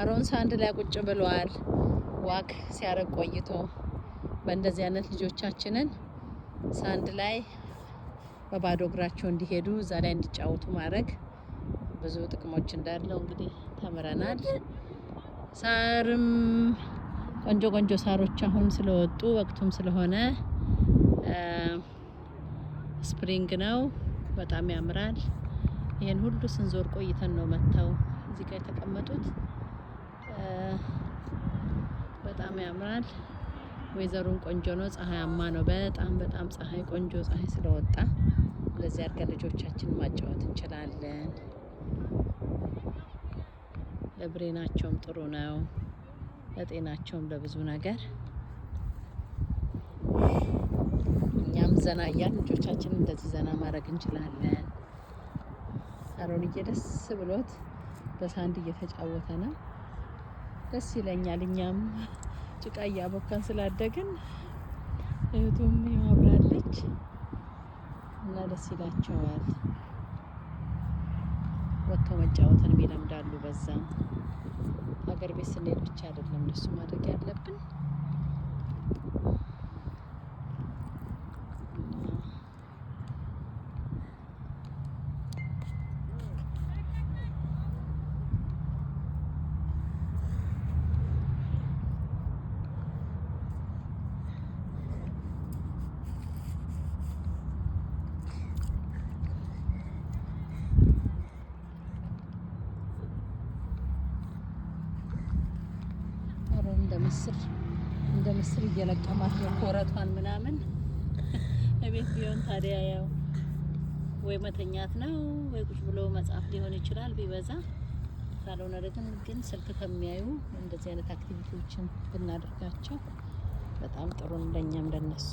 አሮንስ አንድ ላይ ቁጭ ብለዋል። ዋክ ሲያደርግ ቆይቶ በእንደዚህ አይነት ልጆቻችንን ሳንድ ላይ በባዶ እግራቸው እንዲሄዱ እዛ ላይ እንዲጫወቱ ማድረግ ብዙ ጥቅሞች እንዳለው እንግዲህ ተምረናል። ሳርም ቆንጆ ቆንጆ ሳሮች አሁን ስለወጡ ወቅቱም ስለሆነ ስፕሪንግ ነው፣ በጣም ያምራል። ይህን ሁሉ ስንዞር ቆይተን ነው መጥተው እዚህ ጋር የተቀመጡት። በጣም ያምራል። ወይዘሩን ቆንጆ ነው። ፀሐያማ ነው። በጣም በጣም ፀሐይ ቆንጆ ፀሐይ ስለወጣ እንደዚህ አድርገን ልጆቻችን ማጫወት እንችላለን። ለብሬናቸውም ጥሩ ነው። ለጤናቸውም ለብዙ ነገር እኛም ዘና እያል ልጆቻችን እንደዚህ ዘና ማድረግ እንችላለን። አሮንዬ ደስ ብሎት በሳንድ እየተጫወተ ነው። ደስ ይለኛል። እኛም ጭቃ እያቦካን ስላደግን እህቱም ያብራለች እና ደስ ይላቸዋል። ወጥተው መጫወትን ይለምዳሉ። በዛ ሀገር ቤት ስንሄድ ብቻ አይደለም እንደሱ ማድረግ ያለብን። ምስር እንደ ምስር እየለቀማት ነው ኮረቷን ምናምን። እቤት ቢሆን ታዲያ ያው ወይ መተኛት ነው ወይ ቁጭ ብሎ መጽሐፍ ሊሆን ይችላል ቢበዛ። ካልሆነ ደግሞ ግን ስልክ ከሚያዩ እንደዚህ አይነት አክቲቪቲዎችን ብናደርጋቸው በጣም ጥሩ እንደኛም ለነሱ